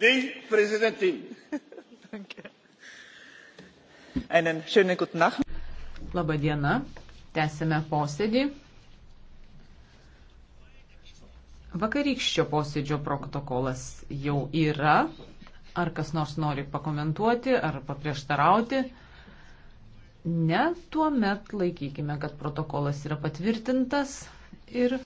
die Präsidentin. Danke. Einen schönen guten Nachmittag. Labą dieną. Tęsime posėdį. Vakarykščio posėdžio protokolas jau yra. Ar kas nors nori pakomentuoti ar paprieštarauti? Ne, tuomet laikykime, kad protokolas yra patvirtintas ir